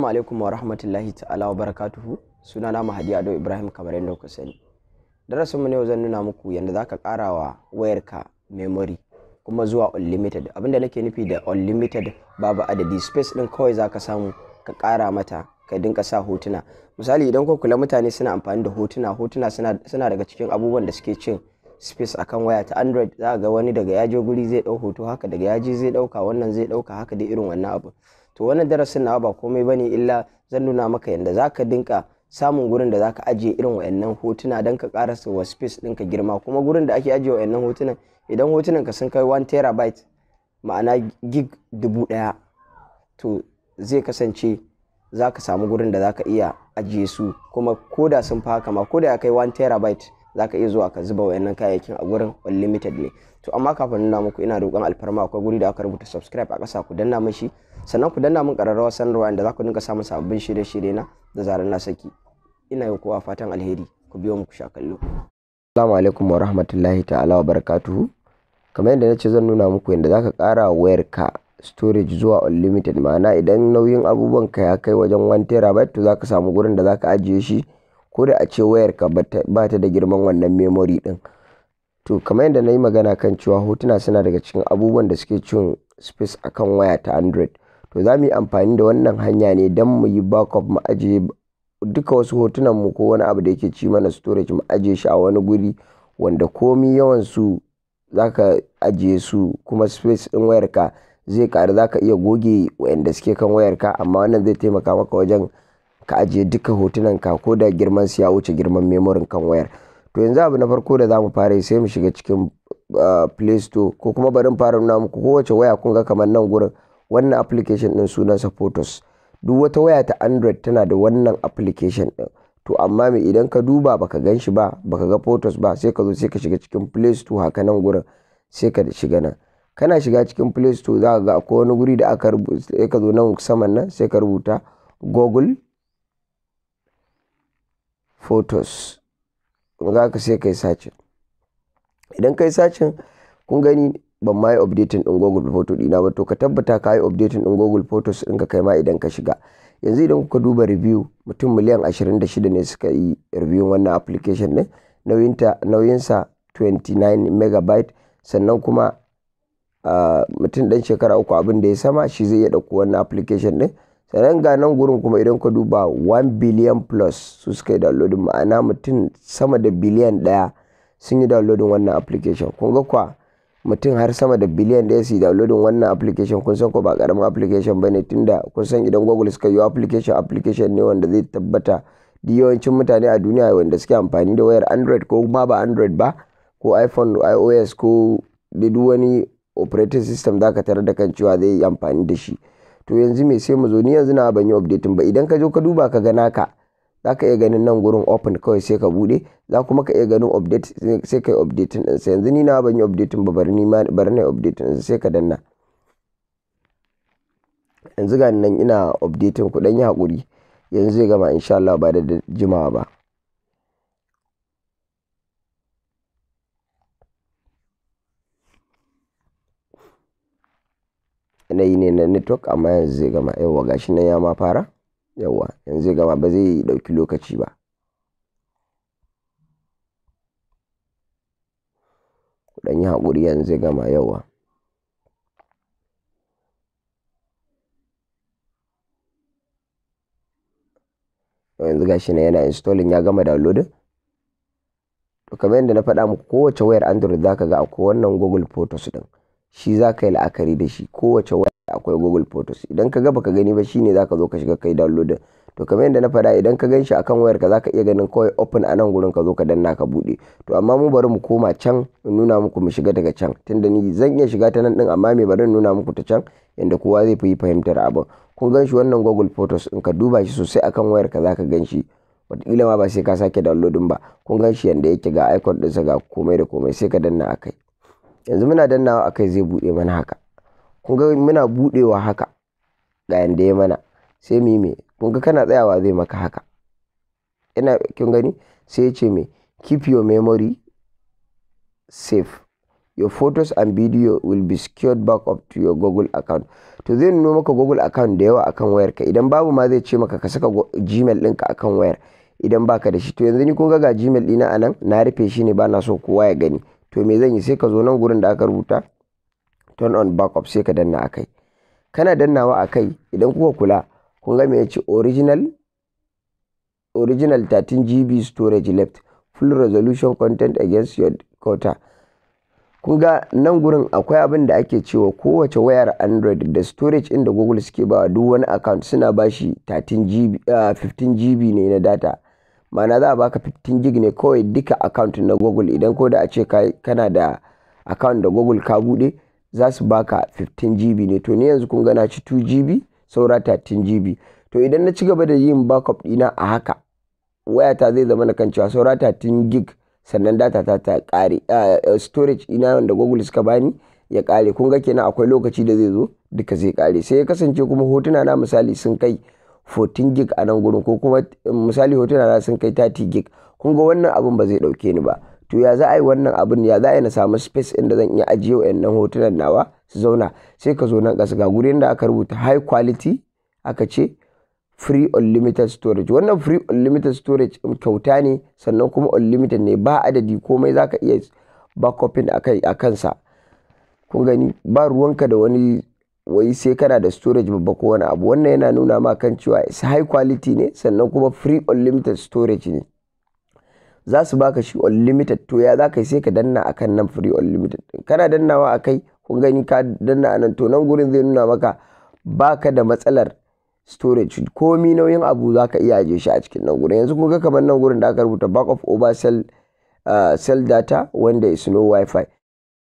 Assalamu alaikum wa rahmatullahi ta'ala wa barakatuhu sunana Mahadi Ado Ibrahim kamar yadda ku sani. Darasinmu ne zan nuna muku yadda ka ƙara wa wayarka memory kuma zuwa unlimited abinda nake nufi da unlimited babu adadi space din kawai za ka samu ka kara mata ka dinka sa hotuna misali idan ko kula mutane suna amfani da hotuna hotuna suna daga cikin abubuwan da suke cin space akan waya ta android za ga wani daga yaje guri zai ɗau hoto haka daga yaji zai ɗauka wannan zai ɗauka haka dai irin wannan abu to wani darasin nawa ba komai bane illa zan nuna maka yadda zaka dinka samun gurin da zaka ajiye irin wayannan hotuna don ka su wa space ka girma kuma gurin da ake ajiye wayannan hotunan idan hotunan ka sun kai 1 terabyte ma'ana gig dubu ɗaya to zai kasance zaka samu gurin da zaka iya ajiye su kuma koda sun fa haka ma koda ya kai 1 terabyte zaka iya zuwa ka zuba wayannan kayayyakin a gurin unlimited ne to amma kafin nuna muku ina roƙon alfarma akwai guri da aka rubuta subscribe a ƙasa ku danna mashi sannan ku danna mun ƙararrawar sanarwa inda za ku dinga samun sababbin shirye-shirye na da zarar na saki ina yi kowa fatan alheri ku biyo mu ku sha kallo assalamu alaikum wa rahmatullahi ta'ala wa barakatuhu kamar yadda nace zan nuna muku yadda zaka kara wayar ka storage zuwa unlimited ma'ana idan nauyin abubuwan ka ya kai wajen 1 terabyte to zaka samu gurin da zaka ajiye shi ko da a ce wayar ka ba ta da girman wannan memory din to kamar yadda na yi magana kan cewa hotuna suna daga cikin abubuwan da suke cin space akan waya ta android to za mu yi amfani da wannan hanya ne don mu yi backup mu ajiye duka wasu hotunan mu ko wani abu da yake ci mana storage mu ajiye shi a wani guri wanda komi yawan su zaka ajiye su kuma space ɗin wayarka zai ƙaru zaka iya goge wayanda suke kan wayarka amma wannan zai taimaka maka wajen ka ajiye duka hotunan ka ko da girman su ya wuce girman memorin kan wayar to yanzu abu na farko da zamu fara sai mu shiga cikin ah, play store ko kuma barin fara nuna muku kowace waya kun ga kamar nan gurin wannan application ɗin sunansa photos duk wata waya ta android tana da wannan application din to amma me idan ka duba baka gan shi ba baka ga photos ba sai ka zo sai ka shiga cikin play store haka nan gurin sai ka shiga nan kana shiga cikin play store za ka ga akwai wani guri da aka rubuta sai ka zo nan saman nan sai ka rubuta google photos za ka sai kai sacin idan kai sacin kun gani ban ma yi updating din google photo dina ba to ka tabbata ka yi updating din google photos ka kai ma idan ka shiga yanzu idan kuka duba review mutum miliyan 26 ne suka yi review wannan application ne ɗin nauyinsa 29 megabyte sannan kuma mutum ɗan shekara uku abin da ya sama shi zai iya dauko wannan application ɗin sannan ga nan gurin kuma idan ka duba 1 billion plus su suka yi downloading ma'ana mutum sama da billion daya sun yi downloading wannan application kun ga kwa mutum har sama da biliyan da ya su downloadin wannan application kun san ko ba karamin application ba ne tunda kun san idan google suka yi application application ne wanda zai tabbata da yawancin mutane a duniya wanda suke amfani da wayar android ko ma ba android ba ko iphone ios ko da duk wani operating system za ka tarar da kan cewa zai yi amfani da shi to yanzu me sai mu zo ni yanzu na ban yi updating ba idan ka zo ka duba ka ga naka za ka iya ganin nan gurin open kawai sai ka bude za kuma ka iya ganin update sai ka yi din sai yanzu ni na ban yi update ba bar ni na yi updating sai ka danna yanzu ga nan ina update ku dan yi hakuri yanzu zai gama insha Allah ba da jimawa ba yanayi ne na network amma yanzu zai gama yawa gashi nan ya ma fara yawa yanzu zai gama ba zai dauki lokaci ba dan yi haƙuri yanzu zai gama yawa yanzu gashi na yana installing ya gama downloading to kamar yadda na faɗa muku kowace wayar android zaka ga akwai wannan google photos din shi za ka yi la'akari da shi kowace waya akwai google photos idan ka ga baka gani ba shine za ka zo ka shiga kai download to kamar yadda na faɗa idan ka gan shi akan wayar ka za ka iya ganin kawai open a nan gurin ka zo ka danna ka buɗe to amma mu bari mu koma can in nuna muku mu shiga daga can tunda ni zan iya shiga ta nan din amma me bari in nuna muku ta can yanda kowa zai fi fahimtar abin kun gan shi wannan google photos in ka duba shi sosai akan wayar ka za ka gan shi wataƙila ma ba sai ka sake download ba kun gan shi yanda yake ga icon ɗinsa ga komai da komai sai ka danna a kai. yanzu muna dannawa akai zai bude mana haka kun ga muna budewa haka ga yanda ya mana sai mu me kun ga kana tsayawa zai maka haka ina kin gani sai ya ce me keep your memory safe your photos and video will be secured back up to your google account to zai nuno maka google account da yawa akan ka idan babu ma zai ce maka ka saka gmail ɗinka akan wayar idan baka da shi to yanzu ni kun ga ga gmail ɗina anan na rufe shi ne ba na so kowa ya gani to me zan yi sai ka zo nan gurin da aka rubuta turn on backup sai ka danna akai kana dannawa akai idan kuka kula kun ga me yace original original 13 GB storage left full resolution content against your quota kun ga nan gurin akwai abin da ake cewa kowace wayar android da storage inda google suke ba duk wani account suna bashi 13 gb 15 gb ne na data ma'ana za a baka 15 gig ne kawai duka account na google idan ko da a ce kana da account da google ka bude za su baka 15 gb ne to ni yanzu kun gana ci 2 gb saura 13 gb to idan na ci gaba da yin backup dina a haka wayata zai zama na kan cewa saura 13 gig sannan data ta ta kare storage ina da google suka bani ya kare kun ga kenan akwai lokaci da zai zo duka zai kare sai ya kasance kuma hotuna na misali sun kai 14 gig a nan gurin ko kuma eh, misali hotuna na sun kai 30 gig kun ga wannan abun ba zai dauke ni ba to ya za a yi wannan abun ya za a yi na samu space inda zan iya ajiye wayannan hotunan nawa su zauna sai ka zo nan ƙasa ga gurin da aka rubuta high quality aka ce free unlimited storage wannan free unlimited storage kyauta ne sannan kuma unlimited ne ba adadi komai zaka iya akai a kansa kun gani ba ruwanka da wani wai sai kana da storage babba ko wani abu wannan yana nuna ma kan cewa is high quality ne sannan kuma free unlimited storage ne za su baka shi unlimited to ya za ka sai ka danna akan nan free unlimited kana dannawa akai kun gani ka danna anan to nan gurin zai nuna maka baka da matsalar storage komi nauyin abu za ka iya ajiye shi a cikin nan gurin yanzu kun ga kamar nan gurin da aka rubuta back of over cell cell uh, data wanda is no wifi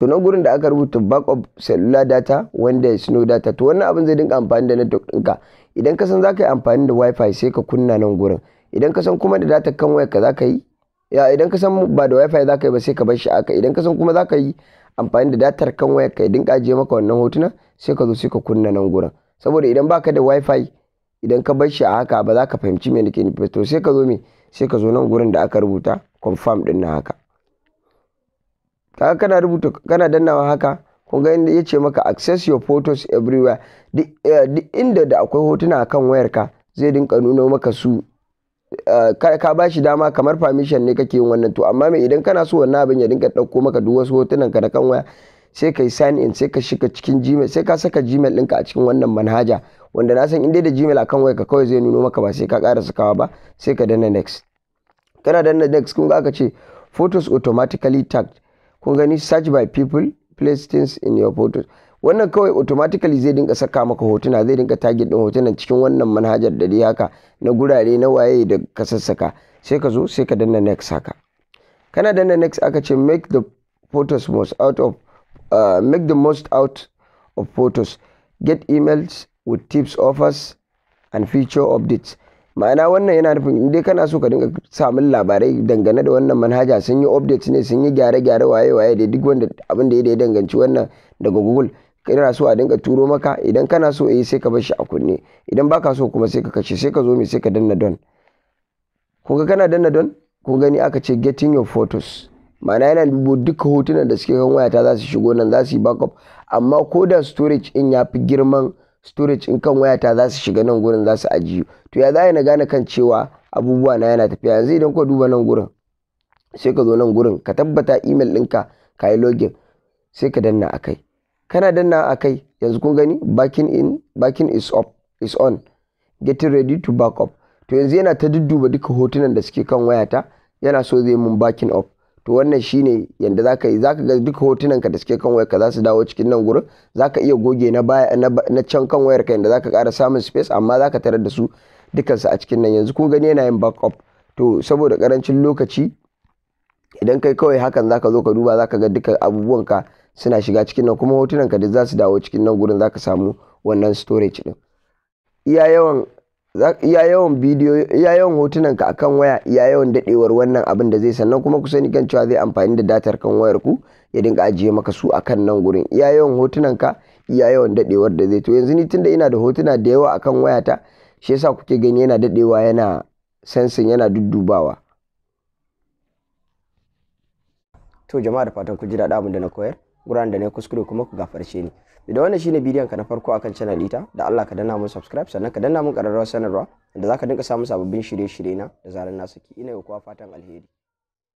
to nan gurin da aka rubuta backup cellular data wanda snow data to wannan abin zai dinga amfani da network ɗinka idan ka san za ka yi amfani da wifi sai ka kunna nan gurin idan ka san kuma da data kan waya ka za ka yi ya idan ka san ba da wifi zaka yi ba sai ka bar shi aka idan ka san kuma za ka yi amfani da datar kan waya ka ya dinga maka wannan hotuna sai ka zo sai ka kunna nan gurin saboda idan baka da wifi idan ka bar shi a haka ba za ka fahimci me nake nufi to sai ka zo me sai ka zo nan gurin da aka rubuta confirm din na haka kaga kana rubuta kana dannawa haka kun ga inda yace maka access your photos everywhere duk eh, inda da akwai hotuna akan wayarka zai dinka nuno maka su eh, ka ba shi dama kamar permission ne kake yin wannan to amma mai idan kana so wannan abin ya dinka ɗauko maka duk wasu hotunan ka na kan waya sai ka yi sign in sai ka shiga cikin gmail sai ka saka gmail ɗinka a cikin wannan manhaja wanda na san inda da gmail akan waya ka kawai zai nuno maka ba sai ka ƙara sakawa ba sai ka danna next kana danna next kun ga aka ce photos automatically tagged kun gani search by people place things in your photos wannan kawai automatically zai dinka saka maka hotuna zai dinka target din hotunan cikin wannan manhajar da dai haka na gurare na waye da ka sassaka sai ka zo sai ka danna next haka kana danna next aka ce make the photos most out of uh, make the most out of photos get emails with tips offers and feature updates ma'ana wannan yana nufin dai kana so ka dinga samun labarai dangane da wannan manhaja sun yi updates ne sun yi gyare-gyare waye-waye da duk wanda abin da ya danganci wannan daga google kana so a dinga turo maka idan kana so eh sai ka bar a kunne idan baka so kuma sai ka kashe sai ka zo mai sai ka danna don kun ga kana danna don kun gani aka ce getting your photos ma'ana yana dubo duka hotunan da suke kan wayata za su shigo nan za su yi backup amma ko da storage in ya fi girman storage in kan wayata za su shiga nan gurin za su ajiyu to ya za na gane kan cewa abubuwa na yana tafiya yanzu idan ka duba nan gurin sai ka zo nan gurin ka tabbata email ɗinka ka yi login sai ka danna a kai kana danna a kai yanzu kun gani backing in backing is up is on getting ready to back up to yanzu yana ta dudduba duka hotunan da suke kan wayata yana so zai mun backing up to wannan shine yanda zaka yi zaka ga duka hotunan ka da suke kan wayar ka za su dawo cikin nan gurin zaka iya goge na baya na can kan wayar ka yanda zaka ƙara samun space amma zaka tarar da su dukan su a cikin nan yanzu kun gani yana yin backup to saboda karancin lokaci idan kai kawai hakan zaka zo ka duba zaka ga duka abubuwan ka suna shiga cikin nan kuma hotunan ka duk za su dawo cikin nan gurin zaka samu wannan storage din iya yawan iya yawan bidiyo iya yawan hotunan ka akan waya iya yawan dadewar wannan abin da zai sannan kuma ku sani kan cewa zai amfani da datar kan wayar ku ya dinga ajiye maka su akan nan gurin iya yawan hotunan ka iya yawan dadewar da zai to yanzu ni tunda ina da hotuna da yawa akan wayata shi yasa kuke gani yana dadewa yana sensin yana duddubawa to jama'a da fatan ku ji daɗa abin da na koyar guran da na kuskure kuma ku gafarce ni da wannan shine bidiyon ka na farko akan channel ita da Allah ka danna mun subscribe sannan ka danna mun kararrawar sanarwa da zaka dinka samun sababbin shirye-shirye na da zaran na saki ina yi kuwa fatan alheri